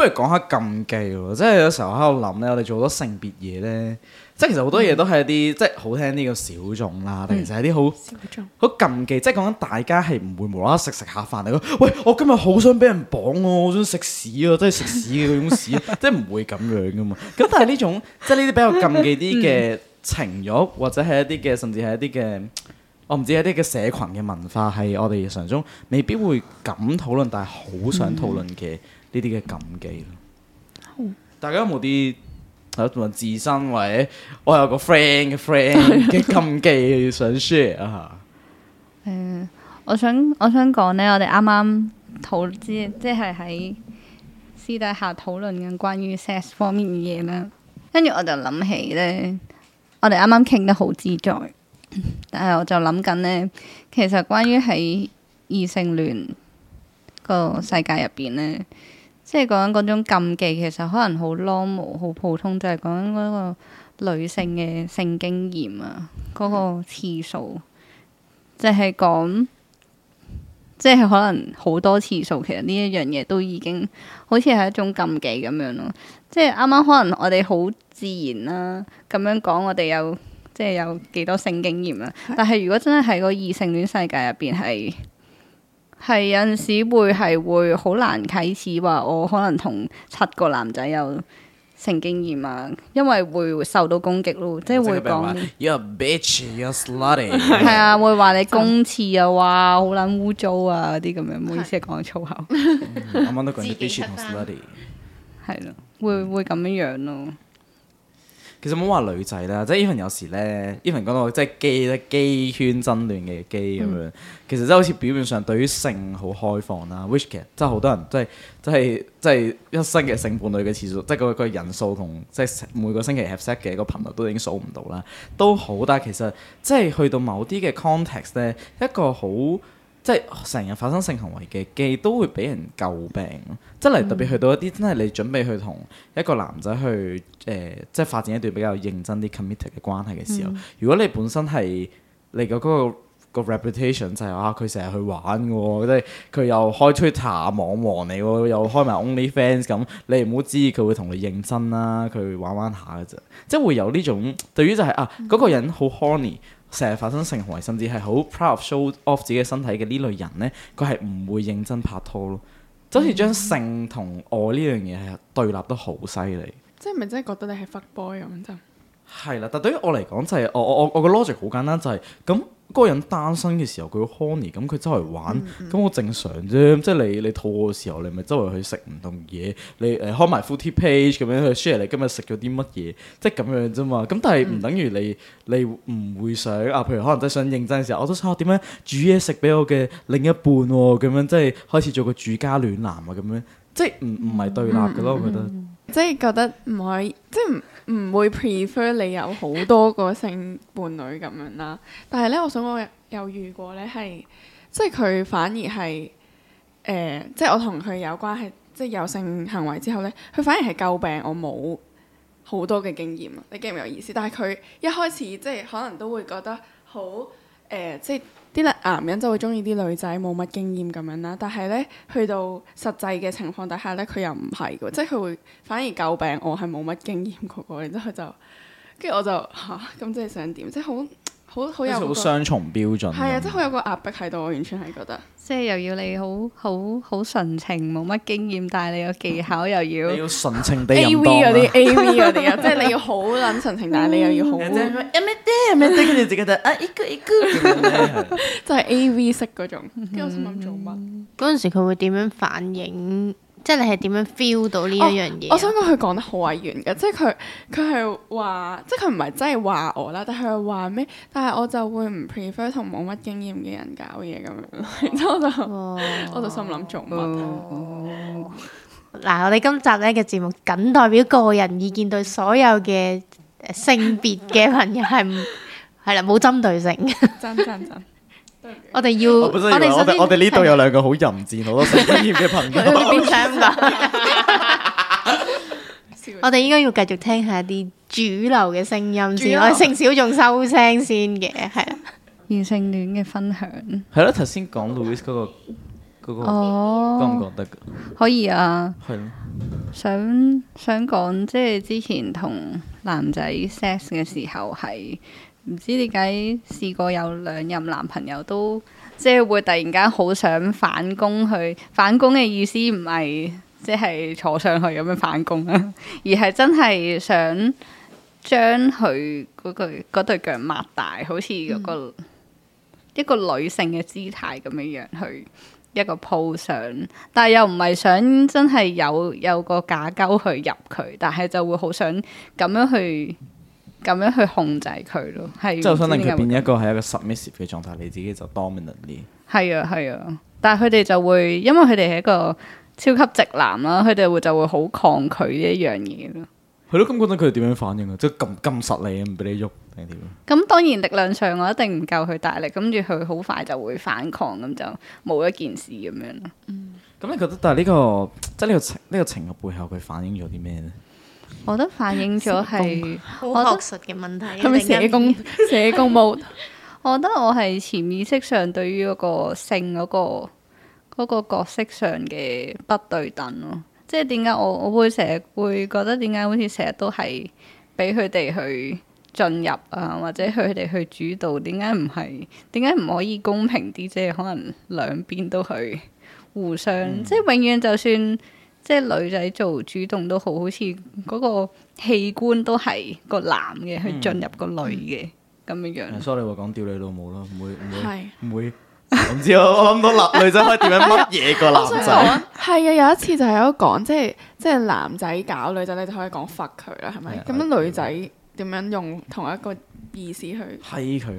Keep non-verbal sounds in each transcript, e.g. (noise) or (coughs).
不如講下禁忌喎，即係有時候喺度諗咧，我哋做好多性別嘢咧，即係其實好多嘢都係一啲即係好聽啲嘅小眾啦，定係就係一啲好好禁忌，即係講緊大家係唔會無啦啦食食下飯嚟咯。喂，我今日好想俾人綁喎，我、啊、好想食屎啊，即係食屎嘅、啊、嗰種屎，即係唔會咁樣噶嘛。咁但係呢種即係呢啲比較禁忌啲嘅情慾， (laughs) 或者係一啲嘅，甚至係一啲嘅，我唔知一啲嘅社群嘅文化，係我哋日常中未必會咁討論，但係好想討論嘅。嗯。呢啲嘅禁忌咯，大家有冇啲，或者自身，或者我有個 friend 嘅 friend 嘅禁忌想 share 一下？誒、呃，我想我想講咧，我哋啱啱討論，即係喺私底下討論緊關於 sex 方面嘅嘢啦。跟住我就諗起咧，我哋啱啱傾得好自在，但係我就諗緊咧，其實關於喺異性戀個世界入邊咧。即係講緊嗰種禁忌，其實可能好 normal、好普通，就係講緊嗰個女性嘅性經驗啊，嗰、那個次數，即係講，即係、就是、可能好多次數，其實呢一樣嘢都已經好似係一種禁忌咁樣咯。即係啱啱可能我哋好自然啦、啊，咁樣講我哋有即係、就是、有幾多性經驗啊。但係如果真係喺個異性戀世界入邊係，係有陣時會係會好難啟齒，話我可能同七個男仔有性經驗啊，因為會受到攻擊咯，即係會講，you're bitch，you're slutty，係啊，會話你公廁啊，哇，好撚污糟啊，啲咁樣，唔好意思係講粗口，啱啱、 (laughs) 嗯、都講你 bitch and slutty，係咯，會會咁樣樣咯。其實冇話女仔啦，即係 even 有時咧 even 講到即係基咧基圈爭亂嘅基咁樣，嗯、其實即係好似表面上對於性好開放啦，which 其實即係好多人、嗯、即係即係即係一生嘅性伴侶嘅次數，即係個個人數同即係每個星期 have set 嘅個頻率都已經數唔到啦，都好，但係其實即係去到某啲嘅 context 咧，一個好。即係成日發生性行為嘅，既都會俾人詬病。即係嚟特別去到一啲、嗯、真係你準備去同一個男仔去誒、呃，即係發展一段比較認真啲 committed 嘅關係嘅時候，嗯、如果你本身係你嘅嗰、那個。個 reputation 就係、是、啊，佢成日去玩嘅喎，即係佢又開 Twitter 網網嚟喎，又開埋 only fans 咁，你唔好知佢會同你認真啦，佢玩玩下嘅啫，即係會有呢種對於就係、是、啊嗰、那個人好 horny，成日發生性行為，甚至係好 proud show off 自己嘅身體嘅呢類人呢，佢係唔會認真拍拖咯，就好似將性同愛呢樣嘢對立得好犀利。即係咪真係覺得你係 fuck boy 咁就係啦？但對於我嚟講就係、是、我我我我個 logic 好簡單就係、是、咁。嗰個人單身嘅時候，佢 horny 咁，佢周圍玩，咁好、嗯嗯、正常啫。即係你你肚餓嘅時候，你咪周圍去食唔同嘢，你誒、呃、開埋 foodie page 咁樣去 share 你今日食咗啲乜嘢，即係咁樣啫嘛。咁但係唔等於你你唔會想啊？譬如可能真係想認真嘅時候，我都想我點、啊、樣煮嘢食俾我嘅另一半喎、啊。咁樣即係開始做個住家暖男啊。咁樣即係唔唔係對立嘅咯？嗯嗯嗯我覺得嗯嗯即係覺得唔可以。即唔會 prefer 你有好多個性伴侶咁樣啦，但係咧，我想我有，有遇過咧，係即係佢反而係誒、呃，即係我同佢有關係，即係有性行為之後咧，佢反而係詬病我冇好多嘅經驗，你記唔記？有意思？但係佢一開始即係可能都會覺得好誒、呃，即係。啲男人就會中意啲女仔冇乜經驗咁樣啦，但係咧去到實際嘅情況底下咧，佢又唔係嘅，即係佢會反而詬病我係冇乜經驗嗰個，然之後就跟住我就嚇，咁即係想點？即係好。好好有個雙重標準，係啊，即係好有個壓迫喺度，我完全係覺得，即係又要你好好好純情，冇乜經驗，但係你有技巧又要，你要純情地 A V 嗰啲 A V 嗰啲啊。即係你要好撚純情，但係你又要好，人咩咩爹咩爹，跟住自己得，啊一咕一咕，真係 A V 式嗰種。跟住我心諗做乜？嗰陣時佢會點樣反應？即係你係點樣 feel 到呢一樣嘢？哦？我想講佢講得好委婉嘅，即係佢佢係話，即係佢唔係真係話我啦，但係佢話咩？但係我就會唔 prefer 同冇乜經驗嘅人搞嘢咁樣，然之後我就，哦， (laughs) 我就心諗做乜？嗱，我哋今集咧嘅節目僅代表個人意見，對所有嘅性別嘅朋友係唔係 (laughs) 啦，冇針對性 (laughs) 真。真真真。我哋要我哋我哋呢度有兩個好淫賤好 (laughs) 多性經驗嘅朋友。我哋應該要繼續聽下啲主流嘅聲音先，流我性小眾收聲先嘅，係啦。異性戀嘅分享係咯，頭先講到 Louis 嗰個嗰個，覺唔覺得？可以啊，係咯的，想想講即係之前同男仔 sex 嘅時候係。唔知點解試過有兩任男朋友都即係會突然間好想反攻佢，反攻嘅意思唔係即係坐上去咁樣反攻啦，而係真係想將佢嗰個對腳擘大，好似嗰、嗰個嗯、一個女性嘅姿態咁樣樣去一個鋪上，但係又唔係想真係有有個假溝去入佢，但係就會好想咁樣去。咁樣去控制佢咯，係即係可能變一個係一個 submissive 嘅狀態，你自己就 dominant 係啊係啊，但係佢哋就會因為佢哋係一個超級直男啦，佢哋會就會好抗拒呢一樣嘢咯。係咯，咁嗰陣佢哋點樣反應啊？即係咁咁實你唔俾，你喐定點？咁當然力量上我一定唔夠佢大力，跟住佢好快就會反抗，咁就冇一件事咁樣咯。咁、嗯、你覺得但係呢個即係呢個情呢個情嘅背後佢反映咗啲咩咧？我都反映咗係，好學術嘅問題、啊。係咪社工社工冇？我覺得我係潛意識上對於嗰個性嗰、那個、那個角色上嘅不對等咯。即係點解我我會成日會覺得點解好似成日都係俾佢哋去進入啊，或者佢哋去主導？點解唔係？點解唔可以公平啲？即、就、係、是、可能兩邊都去互相，即係、嗯、永遠就算。即係女仔做主動都好，好似嗰個器官都係個男嘅去進入個女嘅咁嘅樣。sorry，你話講屌你老母啦，唔會唔會唔會唔知啊！我諗到男女仔可以點樣乜嘢個男仔。係啊，有一次就係有講，即係，即係男仔搞女仔你就可以講 fuck 佢啦，係咪？咁樣女仔點樣用同一個意思去？係佢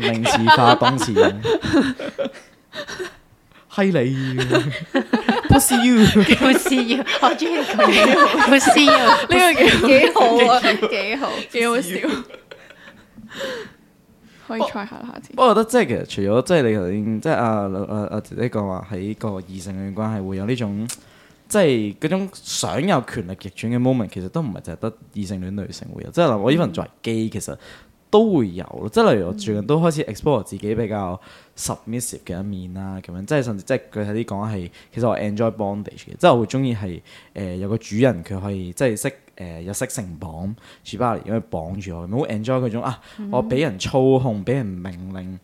名詞化動詞，係你。不是你，不是你，我中意佢，不是你，呢個幾好啊，幾好，幾好笑，持 (laughs) 可以 try 下，下次不過我覺得即係其實除咗即係你頭先即係阿阿阿姐姐講話喺個異性戀關係會有呢種即係嗰種想有權力逆轉嘅 moment，其實都唔係淨係得異性戀女性會有，即係嗱我依份作為基其實。都會有咯，即係例如我最近都開始 explore 自己比較 submissive 嘅一面啦，咁樣即係甚至即係具體啲講係，其實我 enjoy bondage 嘅，即係我會中意係誒有個主人佢可以即係識誒日式繩綁，Shibari 嚟、呃，因為綁住我，我好 enjoy 嗰種啊，嗯、我俾人操控，俾人命令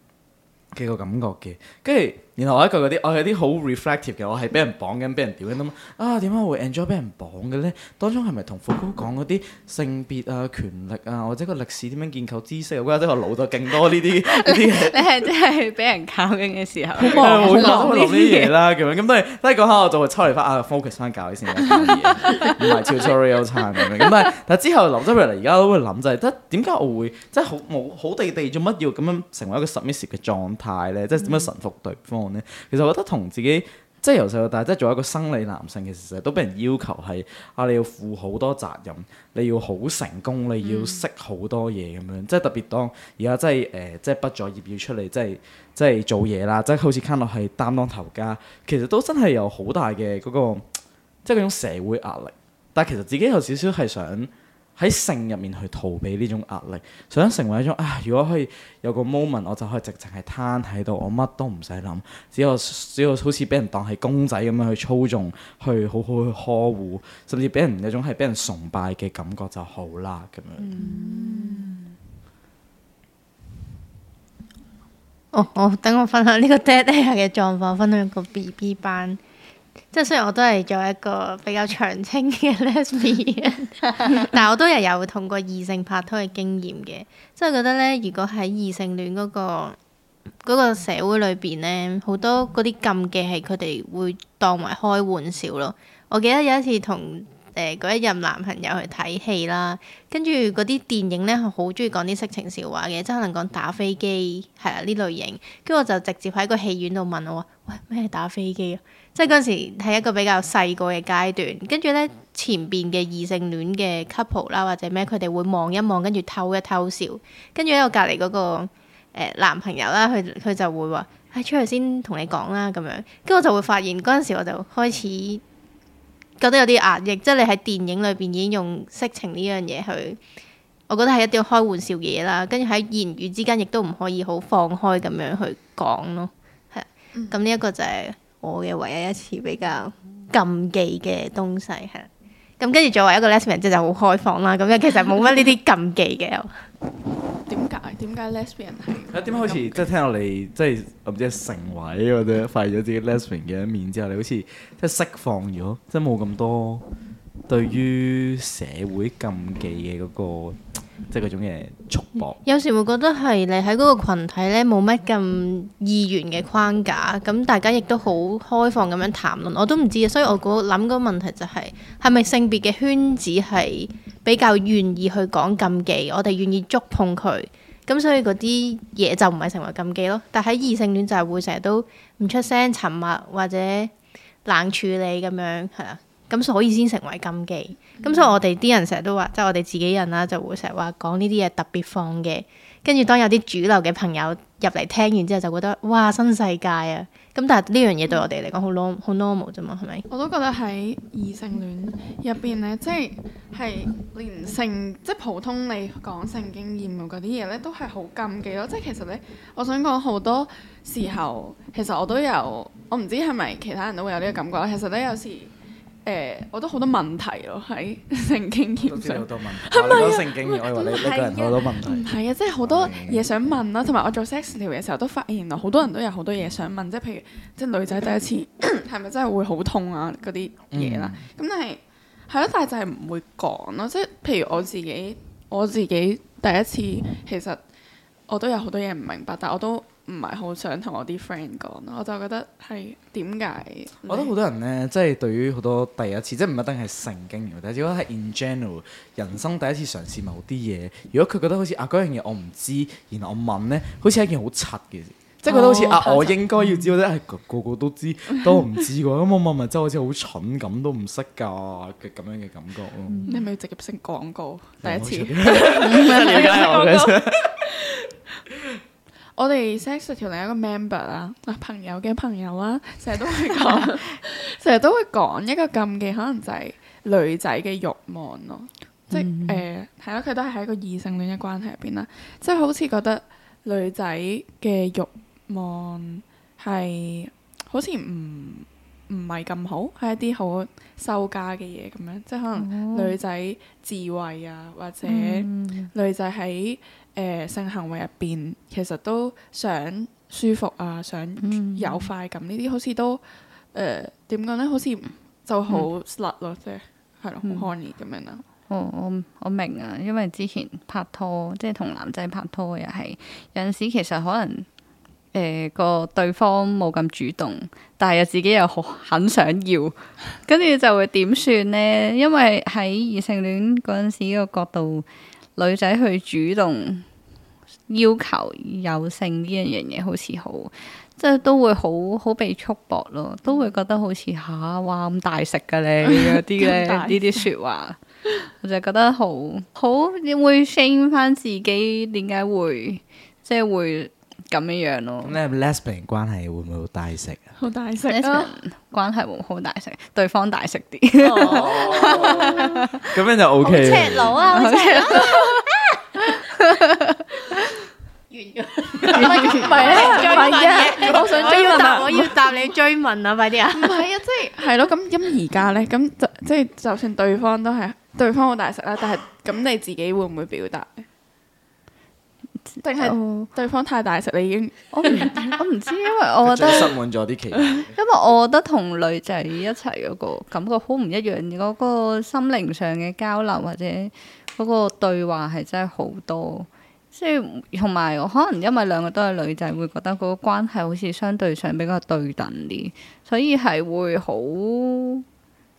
嘅個感覺嘅，跟住。然後我一個嗰啲，我有啲好 reflective 嘅，我係俾人綁緊，俾人屌緊啦。啊，點解我會 enjoy 俾人綁嘅咧？當中係咪同傅高講嗰啲性別啊、權力啊，或者個歷史點樣建構知識、啊？或者我老得勁多呢啲啲。你係即係俾人靠緊嘅時候，好望老呢啲嘢啦。咁樣咁都係都係講下， (laughs) 我就會抽嚟翻啊 focus 翻教你先，唔係 (laughs) tutorial time，咁但係但係之後，林周人而家都會諗就係得點解我會即係好冇好地地做乜要咁樣成為一個 submissive 嘅狀態咧？即係點樣臣服對方？ (laughs) 其實我覺得同自己即係由細到大，即係作為一個生理男性時，其實都俾人要求係啊，你要負好多責任，你要好成功，你要識好多嘢咁樣。嗯、即係特別當而家即係誒，即係畢咗業要出嚟，即係即係做嘢啦。即、就、係、是、好似卡 e n n e l 係擔當頭家，其實都真係有好大嘅嗰、那個，即係嗰種社會壓力。但係其實自己有少少係想。喺性入面去逃避呢種壓力，想成為一種啊！如果可以有個 moment，我就可以直情係攤喺度，我乜都唔使諗，只要只要好似俾人當係公仔咁樣去操縱，去好好，好去呵護，甚至俾人一種係俾人崇拜嘅感覺就好啦咁樣、嗯。哦，我等我分享呢個爹爹嘅狀況，分享個 BB 班。即係雖然我都係做一個比較長青嘅 lesbian， (laughs) (laughs) 但係我都有同過異性拍拖嘅經驗嘅，即我覺得咧，如果喺異性戀嗰個嗰個社會裏邊咧，好多嗰啲禁忌係佢哋會當為開玩笑咯。我記得有一次同，誒嗰、呃、一任男朋友去睇戲啦，跟住嗰啲電影咧，好鍾意講啲色情笑話嘅，即係可能講打飛機，係啊呢類型。跟住我就直接喺個戲院度問我話，喂，咩打飛機啊？即係嗰陣時係一個比較細個嘅階段。跟住咧，前邊嘅異性戀嘅 couple 啦，或者咩，佢哋會望一望，跟住偷一偷笑。跟住咧，我隔離嗰個誒男朋友啦，佢佢就會話，唉、哎，出去先同你講啦，咁樣。跟住我就會發現嗰陣時我就開始覺得有啲壓抑，即係你喺電影裏邊已經用色情呢樣嘢去，我覺得係一啲開玩笑嘢啦。跟住喺言語之間亦都唔可以好放開咁樣去講咯，係。咁呢一個就係我嘅唯一一次比較禁忌嘅東西，係。咁跟住作為一個 lessman 即係好開放啦。咁樣其實冇乜呢啲禁忌嘅。 (laughs) (laughs) 點解點解 Lesbian 係？啊，點解好似？ (noise) 即係聽落你 (noise) 即係唔知成為或者發現咗自己 Lesbian 嘅一面之後，你好似即係釋放咗，即係冇咁多對於社會禁忌嘅嗰、嗰個。即係嗰種嘢束縛，有時會覺得係你喺嗰個羣體咧，冇乜咁意願嘅框架，咁大家亦都好開放咁樣談論，我都唔知啊。所以我諗嗰個問題就係、是，係咪性別嘅圈子係比較願意去講禁忌，我哋願意觸碰佢，咁所以嗰啲嘢就唔係成為禁忌咯。但係異性戀就係會成日都唔出聲、沉默或者冷處理咁樣，係啊。咁所以先成為禁忌，咁、嗯、所以我哋啲人成日都話，即、就、係、是、我哋自己人啦、啊，就會成日話講呢啲嘢特別放嘅，跟住當有啲主流嘅朋友入嚟聽完之後，就覺得哇新世界啊！咁但係呢樣嘢對我哋嚟講好 normal 好 normal 啫嘛、嗯，係咪？我都覺得喺異性戀入邊咧，即係係連性即係、就是、普通你講性經驗嗰啲嘢咧，都係好禁忌咯。即、就、係、是、其實咧，我想講好多時候，其實我都有，我唔知係咪其他人都會有呢個感覺啦。其實咧，有時。誒、欸，我都好多問題咯，喺性經驗上，好多性經驗，我話你呢個人好多問題，唔係啊，即係好多嘢想問啦，同埋吧我做 Sextitude 嘅時候都發現啊，好多人都有好多嘢想問，即係譬如，即係女仔第一次係咪 (coughs) 真係會好痛啊嗰啲嘢啦，咁、嗯、但係係咯，但係就係唔會講咯，即係譬如我自己，我自己第一次其實我都有好多嘢唔明白，但我都。唔係好想同我啲 friend 講，我就覺得係點解？我覺得好多人呢，即係對於好多第一次，即係唔一定係性經驗，但係如果係 in general 人生第一次嘗試某啲嘢，如果佢覺得好似啊嗰樣嘢我唔知，然後我問呢，好似係一件、哦、好柒嘅事，即係覺得好似啊我應該要知道咧，嗯嗯、個個都知都唔知嘅，咁我問問真係好似好蠢咁，都唔識噶嘅咁樣嘅感覺、嗯、你係咪要直接升廣告？第一次咩瞭解我嘅？ (laughs) (laughs) (laughs) 我哋 sex 同另一個 member 啦、啊，朋友嘅朋友啦、啊，成日都會講，成日 (laughs) 都會講一個禁忌，可能就係女仔嘅慾望咯，嗯嗯，即係係咯，佢都係喺個異性戀嘅關係入邊啦，即係好似覺得女仔嘅慾望係好似唔唔係咁好，係一啲好羞家嘅嘢咁樣，即係可能女仔智慧啊，或者女仔喺誒性行為入邊，其實都想舒服啊，想有快感，嗯呃、呢啲好似都誒點講咧？好似就好 slut 咯、啊，即係係咯，好 horny 咁樣啦。哦，我我明啊，因為之前拍拖，即係同男仔拍拖又係有陣時，其實可能。誒、欸、個對方冇咁主動，但係又自己又好很，很想要，跟住就會點算呢？因為喺異性戀嗰陣時個角度，女仔去主動要求有性呢一樣嘢，好似好即係都會好好被束縛咯，都會覺得好似嚇、啊、哇咁大食嘅咧啲咧呢啲説話。 (laughs) 我就覺得好好會 shame 翻自己點解會即係會，就是會咁嘅樣咯，咩 lesbian 關係會唔會好大食？好大食，lesbian 關係會好大食，對方大食啲，咁樣就 OK。赤佬啊，赤佬啊，完噶。唔係啊，唔係啊，唔好想追問，我要答你追問啊，快啲啊！唔係啊，即係係咯，咁咁而家咧，咁即係就算對方都係對方好大食啦，但係咁你自己會唔會表達？定係對方太大食，你已經 (laughs) 我唔我唔知，因為我覺得失咗啲期，因為我覺得同女仔一齊嗰個感覺好唔一樣，嗰、嗰個心靈上嘅交流或者嗰個對話係真係好多。即係同埋可能因為兩個都係女仔，會覺得嗰個關係好似相對上比較對等啲，所以係會好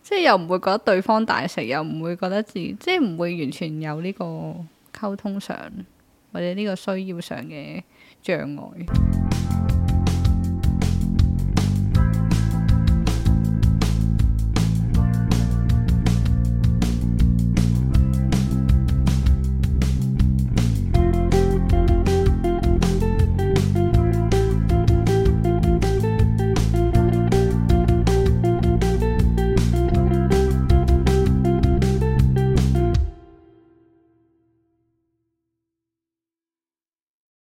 即係又唔會覺得對方大食，又唔會覺得自即係唔會完全有呢個溝通上。或者呢個需要上嘅障礙。